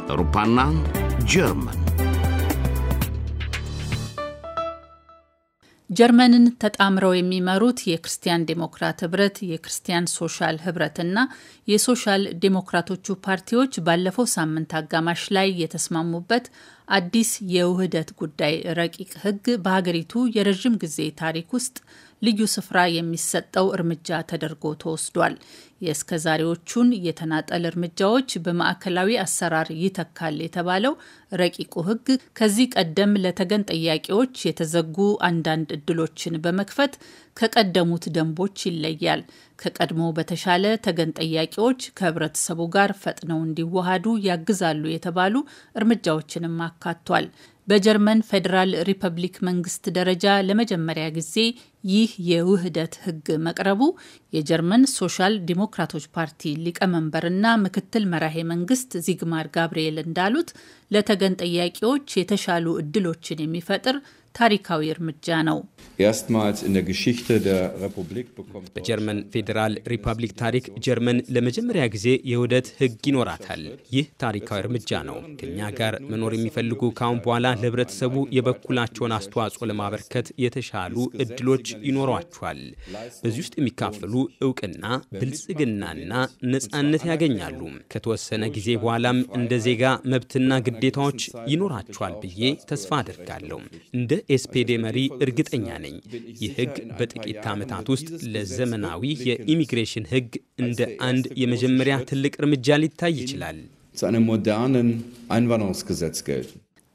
አውሮፓና ጀርመን ጀርመንን ተጣምረው የሚመሩት የክርስቲያን ዴሞክራት ህብረት፣ የክርስቲያን ሶሻል ህብረትና የሶሻል ዴሞክራቶቹ ፓርቲዎች ባለፈው ሳምንት አጋማሽ ላይ የተስማሙበት አዲስ የውህደት ጉዳይ ረቂቅ ህግ በሀገሪቱ የረዥም ጊዜ ታሪክ ውስጥ ልዩ ስፍራ የሚሰጠው እርምጃ ተደርጎ ተወስዷል። የእስከ ዛሬዎቹን የተናጠል እርምጃዎች በማዕከላዊ አሰራር ይተካል የተባለው ረቂቁ ሕግ ከዚህ ቀደም ለተገን ጠያቂዎች የተዘጉ አንዳንድ እድሎችን በመክፈት ከቀደሙት ደንቦች ይለያል። ከቀድሞ በተሻለ ተገን ጠያቂዎች ከህብረተሰቡ ጋር ፈጥነው እንዲዋሃዱ ያግዛሉ የተባሉ እርምጃዎችንም አካቷል። በጀርመን ፌዴራል ሪፐብሊክ መንግስት ደረጃ ለመጀመሪያ ጊዜ ይህ የውህደት ህግ መቅረቡ የጀርመን ሶሻል ዲሞክራቶች ፓርቲ ሊቀመንበርና ምክትል መራሄ መንግስት ዚግማር ጋብርኤል እንዳሉት ለተገን ጠያቂዎች የተሻሉ እድሎችን የሚፈጥር ታሪካዊ እርምጃ ነው። በጀርመን ፌዴራል ሪፐብሊክ ታሪክ ጀርመን ለመጀመሪያ ጊዜ የውህደት ህግ ይኖራታል። ይህ ታሪካዊ እርምጃ ነው። ከኛ ጋር መኖር የሚፈልጉ ካሁን በኋላ ለህብረተሰቡ የበኩላቸውን አስተዋጽኦ ለማበርከት የተሻሉ እድሎች ይኖሯቸዋል። በዚህ ውስጥ የሚካፈሉ እውቅና፣ ብልጽግናና ነጻነት ያገኛሉ። ከተወሰነ ጊዜ በኋላም እንደ ዜጋ መብትና ግዴታዎች ይኖራቸዋል ብዬ ተስፋ አድርጋለሁ። እንደ የኤስፔዴ መሪ እርግጠኛ ነኝ ይህ ህግ በጥቂት ዓመታት ውስጥ ለዘመናዊ የኢሚግሬሽን ህግ እንደ አንድ የመጀመሪያ ትልቅ እርምጃ ሊታይ ይችላል።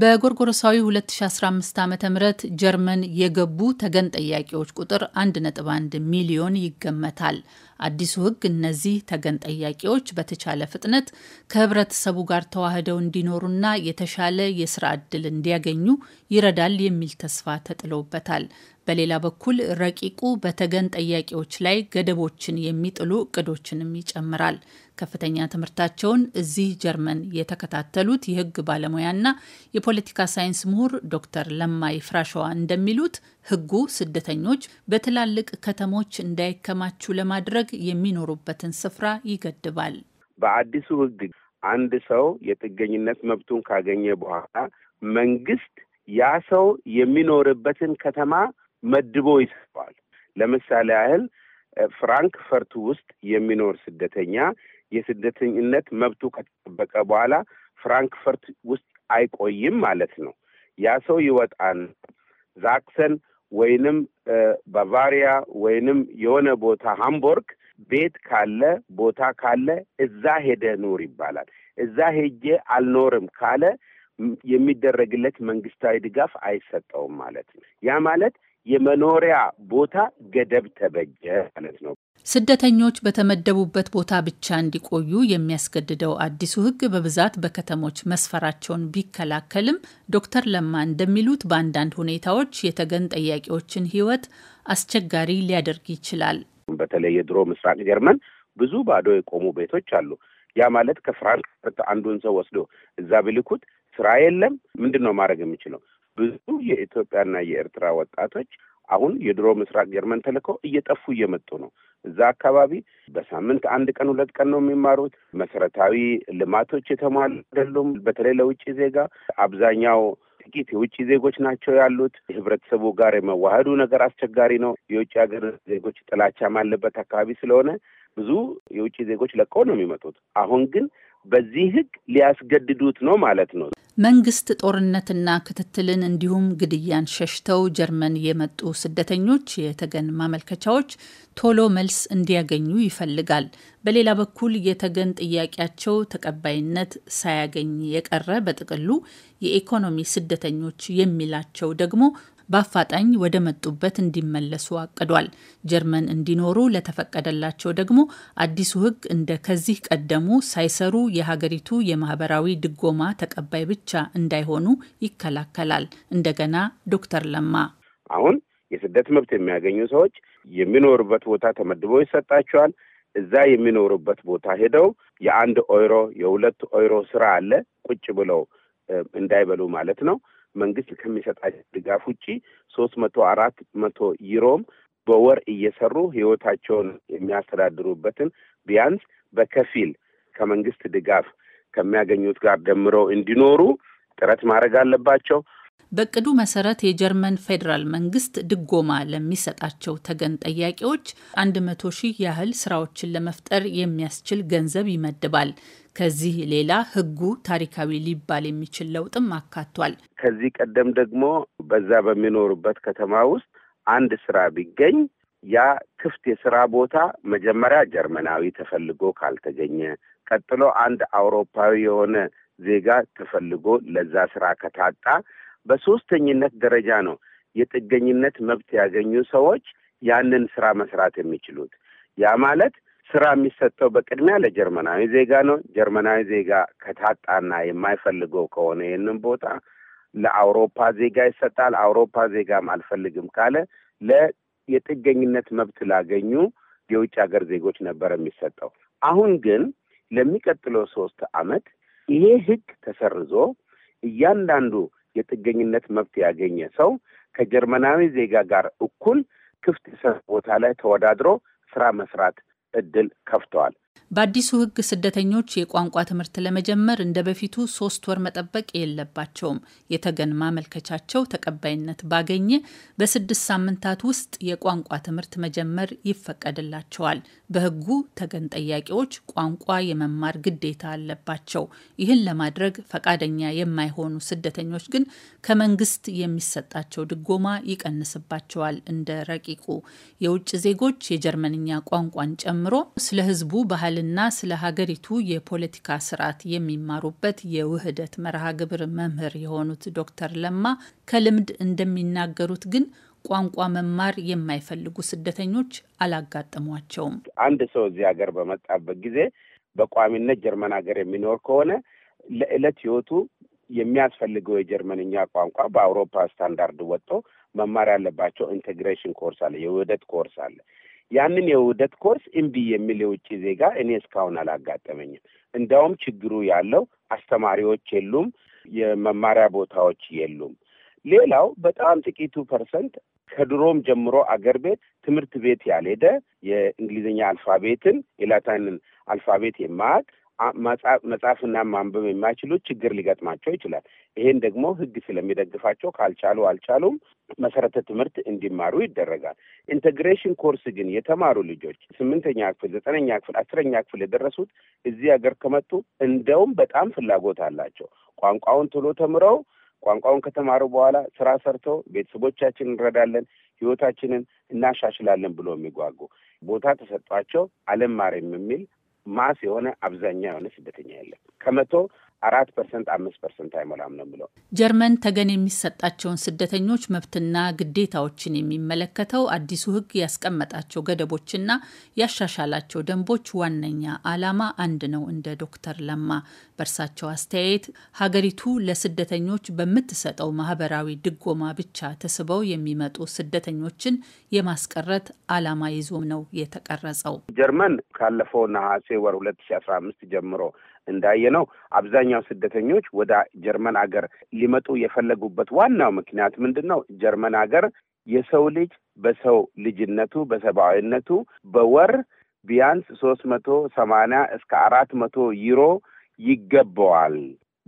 በጎርጎረሳዊ 2015 ዓ ም ጀርመን የገቡ ተገን ጠያቂዎች ቁጥር 1.1 ሚሊዮን ይገመታል። አዲሱ ሕግ እነዚህ ተገን ጠያቂዎች በተቻለ ፍጥነት ከህብረተሰቡ ጋር ተዋህደው እንዲኖሩና የተሻለ የስራ ዕድል እንዲያገኙ ይረዳል የሚል ተስፋ ተጥሎበታል። በሌላ በኩል ረቂቁ በተገን ጠያቂዎች ላይ ገደቦችን የሚጥሉ እቅዶችንም ይጨምራል። ከፍተኛ ትምህርታቸውን እዚህ ጀርመን የተከታተሉት የህግ ባለሙያና የፖለቲካ ሳይንስ ምሁር ዶክተር ለማይ ፍራሸዋ እንደሚሉት ህጉ ስደተኞች በትላልቅ ከተሞች እንዳይከማቹ ለማድረግ የሚኖሩበትን ስፍራ ይገድባል። በአዲሱ ህግ አንድ ሰው የጥገኝነት መብቱን ካገኘ በኋላ መንግስት ያ ሰው የሚኖርበትን ከተማ መድቦ ይሰጠዋል። ለምሳሌ ያህል ፍራንክፈርት ውስጥ የሚኖር ስደተኛ የስደተኝነት መብቱ ከተጠበቀ በኋላ ፍራንክፈርት ውስጥ አይቆይም ማለት ነው። ያ ሰው ይወጣን ዛክሰን ወይንም ባቫሪያ ወይንም የሆነ ቦታ ሃምቦርግ ቤት ካለ ቦታ ካለ እዛ ሄደ ኑር ይባላል። እዛ ሄጄ አልኖርም ካለ የሚደረግለት መንግስታዊ ድጋፍ አይሰጠውም ማለት ነው። ያ ማለት የመኖሪያ ቦታ ገደብ ተበጀ ማለት ነው። ስደተኞች በተመደቡበት ቦታ ብቻ እንዲቆዩ የሚያስገድደው አዲሱ ሕግ በብዛት በከተሞች መስፈራቸውን ቢከላከልም ዶክተር ለማ እንደሚሉት በአንዳንድ ሁኔታዎች የተገን ጠያቂዎችን ሕይወት አስቸጋሪ ሊያደርግ ይችላል። በተለይ የድሮ ምስራቅ ጀርመን ብዙ ባዶ የቆሙ ቤቶች አሉ። ያ ማለት ከፍራንክፈርት አንዱን ሰው ወስዶ እዛ ቢልኩት ስራ የለም። ምንድን ነው ማድረግ የሚችለው? ብዙ የኢትዮጵያና የኤርትራ ወጣቶች አሁን የድሮ ምስራቅ ጀርመን ተልከው እየጠፉ እየመጡ ነው። እዛ አካባቢ በሳምንት አንድ ቀን ሁለት ቀን ነው የሚማሩት። መሰረታዊ ልማቶች የተሟሉ አይደሉም። በተለይ ለውጭ ዜጋ አብዛኛው ጥቂት የውጭ ዜጎች ናቸው ያሉት። ህብረተሰቡ ጋር የመዋህዱ ነገር አስቸጋሪ ነው። የውጭ ሀገር ዜጎች ጥላቻም አለበት አካባቢ ስለሆነ ብዙ የውጭ ዜጎች ለቀው ነው የሚመጡት። አሁን ግን በዚህ ህግ ሊያስገድዱት ነው ማለት ነው። መንግስት ጦርነትና ክትትልን እንዲሁም ግድያን ሸሽተው ጀርመን የመጡ ስደተኞች የተገን ማመልከቻዎች ቶሎ መልስ እንዲያገኙ ይፈልጋል። በሌላ በኩል የተገን ጥያቄያቸው ተቀባይነት ሳያገኝ የቀረ በጥቅሉ የኢኮኖሚ ስደተኞች የሚላቸው ደግሞ በአፋጣኝ ወደ መጡበት እንዲመለሱ አቅዷል። ጀርመን እንዲኖሩ ለተፈቀደላቸው ደግሞ አዲሱ ሕግ እንደ ከዚህ ቀደሙ ሳይሰሩ የሀገሪቱ የማህበራዊ ድጎማ ተቀባይ ብቻ እንዳይሆኑ ይከላከላል። እንደገና ዶክተር ለማ አሁን የስደት መብት የሚያገኙ ሰዎች የሚኖሩበት ቦታ ተመድቦ ይሰጣቸዋል። እዛ የሚኖሩበት ቦታ ሄደው የአንድ ኦይሮ የሁለት ኦይሮ ስራ አለ ቁጭ ብለው እንዳይበሉ ማለት ነው። መንግስት ከሚሰጣቸው ድጋፍ ውጪ ሶስት መቶ አራት መቶ ዩሮም በወር እየሰሩ ህይወታቸውን የሚያስተዳድሩበትን ቢያንስ በከፊል ከመንግስት ድጋፍ ከሚያገኙት ጋር ደምረው እንዲኖሩ ጥረት ማድረግ አለባቸው። በቅዱ መሰረት የጀርመን ፌዴራል መንግስት ድጎማ ለሚሰጣቸው ተገን ጠያቂዎች 100 ሺህ ያህል ስራዎችን ለመፍጠር የሚያስችል ገንዘብ ይመድባል። ከዚህ ሌላ ህጉ ታሪካዊ ሊባል የሚችል ለውጥም አካቷል። ከዚህ ቀደም ደግሞ በዛ በሚኖሩበት ከተማ ውስጥ አንድ ስራ ቢገኝ ያ ክፍት የስራ ቦታ መጀመሪያ ጀርመናዊ ተፈልጎ ካልተገኘ፣ ቀጥሎ አንድ አውሮፓዊ የሆነ ዜጋ ተፈልጎ ለዛ ስራ ከታጣ በሶስተኝነት ደረጃ ነው የጥገኝነት መብት ያገኙ ሰዎች ያንን ስራ መስራት የሚችሉት። ያ ማለት ስራ የሚሰጠው በቅድሚያ ለጀርመናዊ ዜጋ ነው። ጀርመናዊ ዜጋ ከታጣና የማይፈልገው ከሆነ ይህንን ቦታ ለአውሮፓ ዜጋ ይሰጣል። አውሮፓ ዜጋም አልፈልግም ካለ ለየጥገኝነት መብት ላገኙ የውጭ ሀገር ዜጎች ነበር የሚሰጠው። አሁን ግን ለሚቀጥለው ሶስት አመት ይሄ ህግ ተሰርዞ እያንዳንዱ የጥገኝነት መብት ያገኘ ሰው ከጀርመናዊ ዜጋ ጋር እኩል ክፍት የስራ ቦታ ላይ ተወዳድሮ ስራ መስራት እድል ከፍተዋል። በአዲሱ ሕግ ስደተኞች የቋንቋ ትምህርት ለመጀመር እንደ በፊቱ ሶስት ወር መጠበቅ የለባቸውም። የተገን ማመልከቻቸው ተቀባይነት ባገኘ በስድስት ሳምንታት ውስጥ የቋንቋ ትምህርት መጀመር ይፈቀድላቸዋል። በህጉ ተገን ጠያቂዎች ቋንቋ የመማር ግዴታ አለባቸው። ይህን ለማድረግ ፈቃደኛ የማይሆኑ ስደተኞች ግን ከመንግስት የሚሰጣቸው ድጎማ ይቀንስባቸዋል። እንደ ረቂቁ የውጭ ዜጎች የጀርመንኛ ቋንቋን ጨምሮ ስለ ህዝቡ ባህልና ስለ ሀገሪቱ የፖለቲካ ስርዓት የሚማሩበት የውህደት መርሃ ግብር መምህር የሆኑት ዶክተር ለማ ከልምድ እንደሚናገሩት ግን ቋንቋ መማር የማይፈልጉ ስደተኞች አላጋጠሟቸውም። አንድ ሰው እዚህ ሀገር በመጣበት ጊዜ በቋሚነት ጀርመን ሀገር የሚኖር ከሆነ ለዕለት ሕይወቱ የሚያስፈልገው የጀርመንኛ ቋንቋ በአውሮፓ ስታንዳርድ ወጥቶ መማር ያለባቸው ኢንቴግሬሽን ኮርስ አለ፣ የውህደት ኮርስ አለ። ያንን የውህደት ኮርስ እምቢ የሚል የውጭ ዜጋ እኔ እስካሁን አላጋጠመኝም። እንዲያውም ችግሩ ያለው አስተማሪዎች የሉም፣ የመማሪያ ቦታዎች የሉም። ሌላው በጣም ጥቂቱ ፐርሰንት ከድሮም ጀምሮ አገር ቤት ትምህርት ቤት ያልሄደ የእንግሊዝኛ አልፋቤትን የላታንን አልፋቤት የማያውቅ መጻፍና ማንበብ የማይችሉ ችግር ሊገጥማቸው ይችላል። ይሄን ደግሞ ሕግ ስለሚደግፋቸው ካልቻሉ አልቻሉም መሰረተ ትምህርት እንዲማሩ ይደረጋል። ኢንቴግሬሽን ኮርስ ግን የተማሩ ልጆች ስምንተኛ ክፍል፣ ዘጠነኛ ክፍል፣ አስረኛ ክፍል የደረሱት እዚህ ሀገር ከመጡ እንደውም በጣም ፍላጎት አላቸው። ቋንቋውን ቶሎ ተምረው ቋንቋውን ከተማሩ በኋላ ስራ ሰርቶ ቤተሰቦቻችን እንረዳለን፣ ህይወታችንን እናሻሽላለን ብሎ የሚጓጉ ቦታ ተሰጧቸው አለም የሚል ማስ የሆነ አብዛኛ የሆነ ስደተኛ የለም። ከመቶ አራት ፐርሰንት አምስት ፐርሰንት አይሞላም ነው ብለው። ጀርመን ተገን የሚሰጣቸውን ስደተኞች መብትና ግዴታዎችን የሚመለከተው አዲሱ ሕግ ያስቀመጣቸው ገደቦችና ያሻሻላቸው ደንቦች ዋነኛ ዓላማ አንድ ነው። እንደ ዶክተር ለማ በእርሳቸው አስተያየት ሀገሪቱ ለስደተኞች በምትሰጠው ማህበራዊ ድጎማ ብቻ ተስበው የሚመጡ ስደተኞችን የማስቀረት ዓላማ ይዞ ነው የተቀረጸው። ጀርመን ካለፈው ነሐሴ ወር ሁለት ሺ አስራ አምስት ጀምሮ እንዳየ ነው። አብዛኛው ስደተኞች ወደ ጀርመን አገር ሊመጡ የፈለጉበት ዋናው ምክንያት ምንድን ነው? ጀርመን አገር የሰው ልጅ በሰው ልጅነቱ በሰብአዊነቱ በወር ቢያንስ ሶስት መቶ ሰማንያ እስከ አራት መቶ ዩሮ ይገባዋል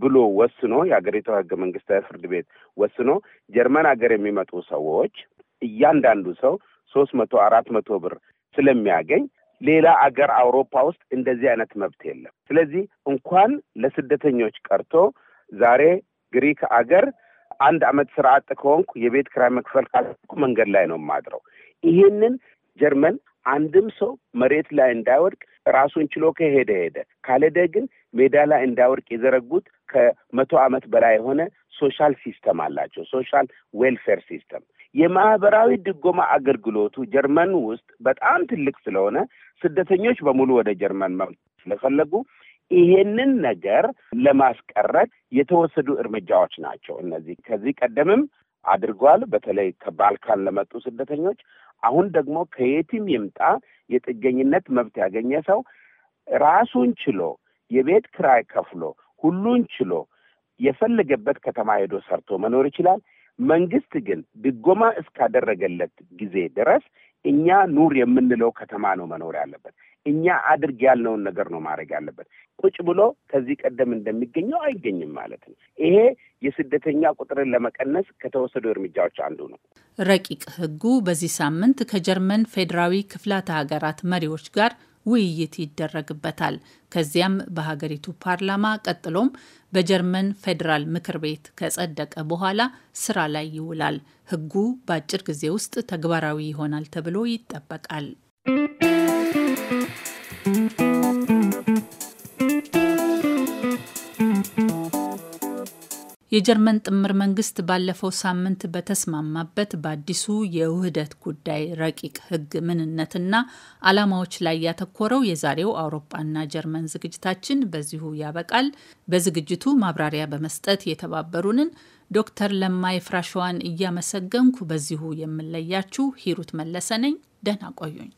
ብሎ ወስኖ የሀገሪቱ ህገ መንግስት ፍርድ ቤት ወስኖ ጀርመን ሀገር የሚመጡ ሰዎች እያንዳንዱ ሰው ሶስት መቶ አራት መቶ ብር ስለሚያገኝ ሌላ አገር አውሮፓ ውስጥ እንደዚህ አይነት መብት የለም። ስለዚህ እንኳን ለስደተኞች ቀርቶ ዛሬ ግሪክ አገር አንድ አመት ስራ አጥ ከሆንኩ የቤት ክራይ መክፈል ካልኩ መንገድ ላይ ነው የማድረው። ይህንን ጀርመን አንድም ሰው መሬት ላይ እንዳይወድቅ ራሱን ችሎ ከሄደ ሄደ፣ ካልሄደ ግን ሜዳ ላይ እንዳይወድቅ የዘረጉት ከመቶ ዓመት በላይ የሆነ ሶሻል ሲስተም አላቸው። ሶሻል ዌልፌር ሲስተም የማህበራዊ ድጎማ አገልግሎቱ ጀርመን ውስጥ በጣም ትልቅ ስለሆነ ስደተኞች በሙሉ ወደ ጀርመን መምጣት ስለፈለጉ ይሄንን ነገር ለማስቀረት የተወሰዱ እርምጃዎች ናቸው እነዚህ። ከዚህ ቀደምም አድርጓል፣ በተለይ ከባልካን ለመጡ ስደተኞች። አሁን ደግሞ ከየትም ይምጣ የጥገኝነት መብት ያገኘ ሰው ራሱን ችሎ የቤት ክራይ ከፍሎ ሁሉን ችሎ የፈለገበት ከተማ ሄዶ ሰርቶ መኖር ይችላል። መንግስት ግን ድጎማ እስካደረገለት ጊዜ ድረስ እኛ ኑር የምንለው ከተማ ነው መኖር ያለበት። እኛ አድርግ ያልነውን ነገር ነው ማድረግ ያለበት። ቁጭ ብሎ ከዚህ ቀደም እንደሚገኘው አይገኝም ማለት ነው። ይሄ የስደተኛ ቁጥርን ለመቀነስ ከተወሰዱ እርምጃዎች አንዱ ነው። ረቂቅ ህጉ በዚህ ሳምንት ከጀርመን ፌዴራዊ ክፍላተ ሀገራት መሪዎች ጋር ውይይት ይደረግበታል። ከዚያም በሀገሪቱ ፓርላማ ቀጥሎም በጀርመን ፌዴራል ምክር ቤት ከጸደቀ በኋላ ስራ ላይ ይውላል። ህጉ በአጭር ጊዜ ውስጥ ተግባራዊ ይሆናል ተብሎ ይጠበቃል። የጀርመን ጥምር መንግስት ባለፈው ሳምንት በተስማማበት በአዲሱ የውህደት ጉዳይ ረቂቅ ህግ ምንነትና ዓላማዎች ላይ ያተኮረው የዛሬው አውሮፓና ጀርመን ዝግጅታችን በዚሁ ያበቃል። በዝግጅቱ ማብራሪያ በመስጠት የተባበሩንን ዶክተር ለማ የፍራሸዋን እያመሰገንኩ በዚሁ የምለያችሁ ሂሩት መለሰ ነኝ። ደህና ቆዩኝ።